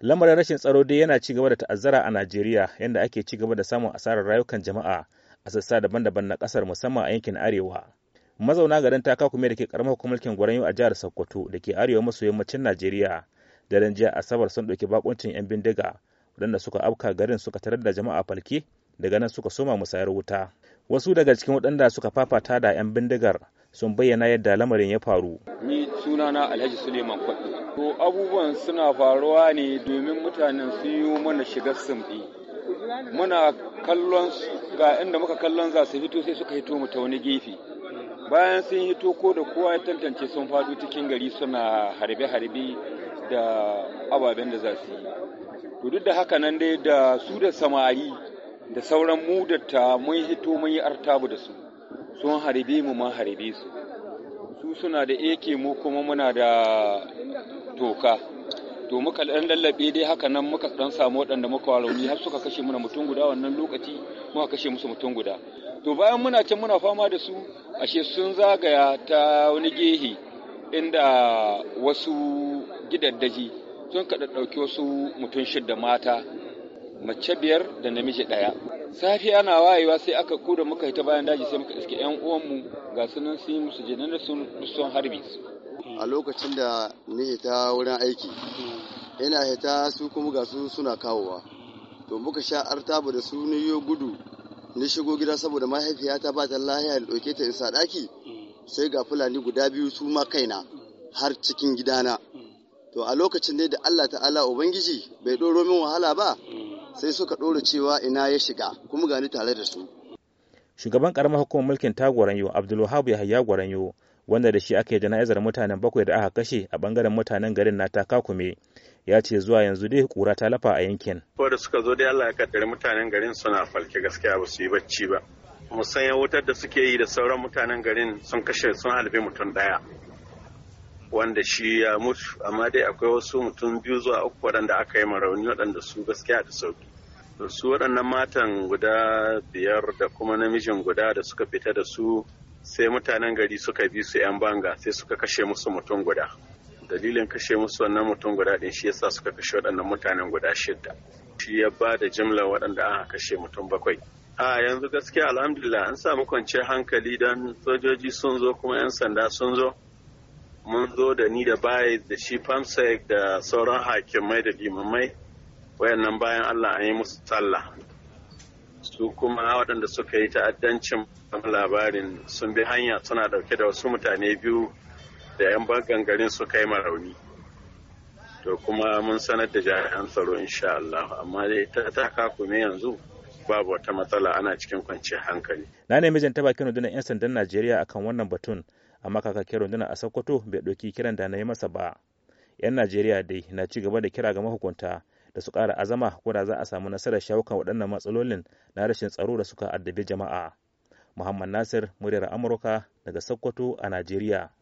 lamarin rashin tsaro dai yana ci gaba da ta'azzara a najeriya yadda ake ci gaba da samun asarar rayukan jama'a a sassa daban-daban na kasar musamman a yankin arewa mazauna garin mai da ke karamar hukumulkin Gwarayu a jihar sokoto da ke arewa maso yammacin najeriya daren jiya asabar sun ɗauki bakuncin 'yan bindiga waɗanda suka afka garin suka tarar da jama'a falke daga nan suka soma musayar wuta wasu daga cikin waɗanda suka fafata da 'yan bindigar sun bayyana yadda lamarin ya faru ni sunana alhaji suleiman kwaɗo to abubuwan suna faruwa ne domin mutanen su yi mana shiga sumbi muna kallon ga inda muka kallon za su fito sai suka hito mu ta wani gefe bayan sun hito ko da kowa ya tantance sun faɗo cikin gari suna harbe-harbe da ababen da za su yi to duk da haka nan dai da su da samari da sauran mu da ta mun hito mun yi artabu da su sun harbe mu mun harbe su su suna da eke mu kuma muna da toka to muka dan lallabe dai haka nan muka dan samu waɗanda muka rauni har suka kashe muna mutum guda wannan lokaci muka kashe musu mutum guda to bayan muna can muna fama da su ashe sun zagaya ta wani gehe inda wasu gidaddaji sun kada ɗauki wasu mutum shida mata mace biyar da namiji ɗaya safiya na wayewa sai aka kuda muka yi ta bayan daji sai muka iske 'yan uwanmu ga sunan sun yi musu jinin da sun harbi a lokacin da ni hita wurin aiki ina hita su kuma ga su suna kawowa to muka sha artabu da su ni gudu ni shigo gida saboda mahaifiyata ba ta lahiya da ɗauke ta isa ɗaki sai ga fulani guda biyu su ma kaina har cikin gidana to a lokacin dai da Allah ta'ala ubangiji bai ɗoro min wahala ba sai suka ɗora cewa ina ya shiga kuma gani tare da su shugaban karamar hukumar mulkin ta gwaranyo abdulwahab yahaya gwaranyo wanda da shi ake jana'izar mutanen bakwai da aka kashe a bangaren mutanen garin na takakume ya ce zuwa yanzu dai kura ta lafa a yankin ko da suka zo dai Allah ya kaddare mutanen garin suna falke gaskiya ba su yi bacci ba ya wutar da suke yi da sauran mutanen garin sun kashe sun halbe mutum daya wanda shi ya mutu amma dai akwai wasu mutum biyu zuwa uku waɗanda aka yi rauni waɗanda su gaskiya da sauki su waɗannan matan guda biyar da kuma namijin guda da suka fita da su sai mutanen gari suka bi su 'yan banga sai suka kashe musu mutum guda dalilin kashe musu wannan mutum guda ɗin shi yasa suka kashe waɗannan mutanen guda shidda shi ya ba da jimla waɗanda aka kashe mutum bakwai a yanzu gaskiya alhamdulillah an samu kwanciyar hankali don sojoji sun zo kuma 'yan sanda sun zo mun zo da ni da baya da shi famsek da sauran hakimai da limamai wayannan bayan Allah an yi musu tsalla su kuma waɗanda suka yi ta'addancin labarin sun bi hanya suna ɗauke da wasu mutane biyu da 'yan bangan garin su kai marauni to kuma mun sanar da jami'an tsaro insha Allah amma dai ta taka ne yanzu babu wata matsala ana cikin kwanciyar hankali na ne mijin taba kiran rundunar 'yan sandan Najeriya akan wannan batun amma kakakin rundunar a Sokoto bai ɗauki kiran da na yi masa ba 'yan Najeriya dai na ci gaba da kira ga mahukunta da su ƙara azama ko da za a samu nasarar shawo kan waɗannan matsalolin na rashin tsaro da suka addabi jama'a. Muhammad Nasir, muryar Amurka daga Sokoto a Najeriya.